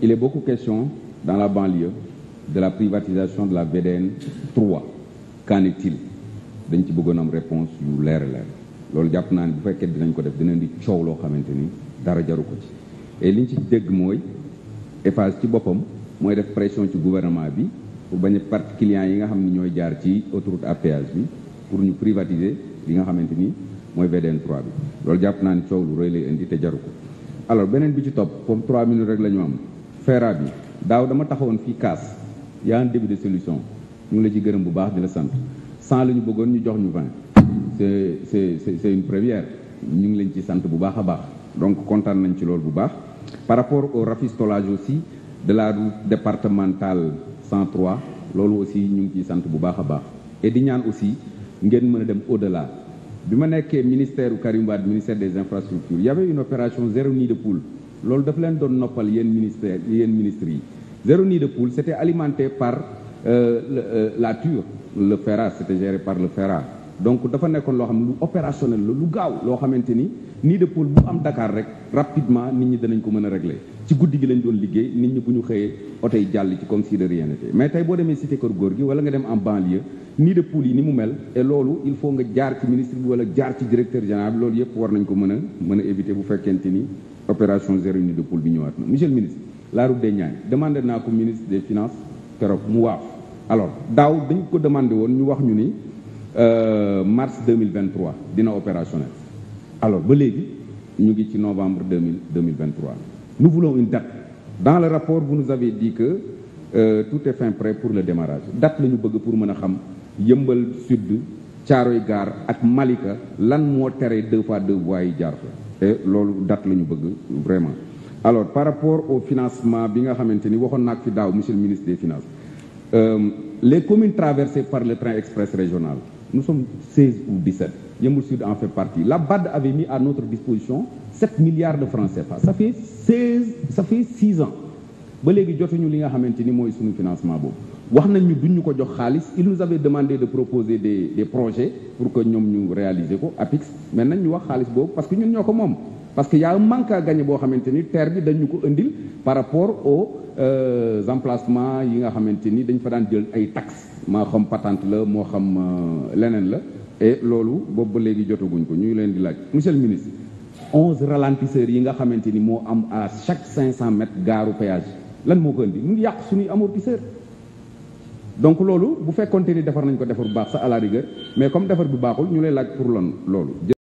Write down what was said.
Il est beaucoup question, dans la banlieue, de la privatisation de la VDN 3 qu'en est dañ ci bëggoon am réponse yu leer leer loolu jàpp naa ne bu fekkee dinañ ko def dinañ di coow loo xamante ni dara jaru ko ci et liñ ci dégg mooy Eiffage ci boppam mooy def pression ci gouvernement bi pour bañ a perte yi nga xam ne ñooy jaar ci autoroute à bi pour ñu privatiser li nga xamante ni mooy VDN 3 bi loolu jàpp naa ne coow lu rëy indi te jaru ko alors beneen bi ci topp comme 3 minutes rek la ñu am feera bi daaw dama taxawoon fii kaas y a un début de solution ñu ngi la ci gërëm bu baax di la sant cent la ñu bëggoon ñu jox ñu vingt c'est c'est c'est une première ñu ngi leen ci sant bu baax a baax donc kontaan nañ ci loolu bu baax par rapport au rafistolage aussi de la route départementale 103 loolu aussi ñu ngi ciy sant bu baax a baax et di ñaan aussi ngeen mën a dem au-delà bi ma nekkee ministère u Karim Wade ministère des infrastructures il y avait une opération zéro nid loolu dafa leen doon noppal yéen ministère yéen ministres yi zéro nid de poule c'était alimenté par euh, euh la TUR le FERA c'était géré par le FERA donc dafa nekkoon loo xam ne lu opérationnel la lu gaaw loo xamante ni nid de poule bu am Dakar rek rapidement nit ñi danañ ko mën a régler ci guddi gi lañ doon liggéey nit ñi bu ñu xëyee oto jàll ci comme si de rien n'était mais tey boo demee cité kër góor gi wala nga dem en banlieue nid de poule yi ni mu mel et loolu il faut nga jaar ministre wala jaar ci directeur général bi loolu yëpp war nañ ko mën a mën a bu fekkente ni opération zéro unité de poule bi ñëwaat na monsieur le ministre la route des Niayes demandé naa ko ministre des finances keroog mu waaf alors daaw dañu ko demandé woon ñu wax ñu ni euh, mars 2023 dina opérationnel alors ba léegi ñu ngi ci novembre 2000 2023 nous voulons une date dans le rapport vous nous avez dit que euh, fin prêt pour le démarrage date lañu bëgg pour mën a xam yëmbal sud Caaroy Gaar ak Malika lan moo tere deux fois deux voies yi jaar fa et loolu date la ñu bëgg vraiment alors par rapport au financement bi nga xamante ni waxoon naa fi daaw monsieur le ministre des finances euh, les communes traversées par le train express régional nous sommes 16 ou 17 Yeumbeul Sud en fait partie la BAD avait mis à notre disposition 7 milliards de francs CFA ça fait 16 ça fait 6 ans ba léegi jotuñu li nga xamante ni mooy suñu financement boobu wax nañ ñu duñ ñu ko jox xaalis il nous avait demandé de proposer des des projets pour que ñoom ñu réaliser ko APIX mais nañ ñu wax xaalis boobu parce que ñun ñoo ko moom parce que y a un manque boo xamante ni terre bi dañu ko indil par rapport aux euh, emplacements yi nga xamante ni dañ fa daan jël ay tax maa xam patente la moo xam euh, leneen la et loolu boobu ba léegi jotaguñ ko ñu ngi leen di laaj monsieur le ministre onze ralentisseurs yi nga xamante ni moo am à chaque cinq cent mètres gaaru péage lan moo donc loolu bu fekkoonte ni defar nañ ko defar bu baax sa à la mais comme defar bi baaxul ñu lay laaj pour lan loolu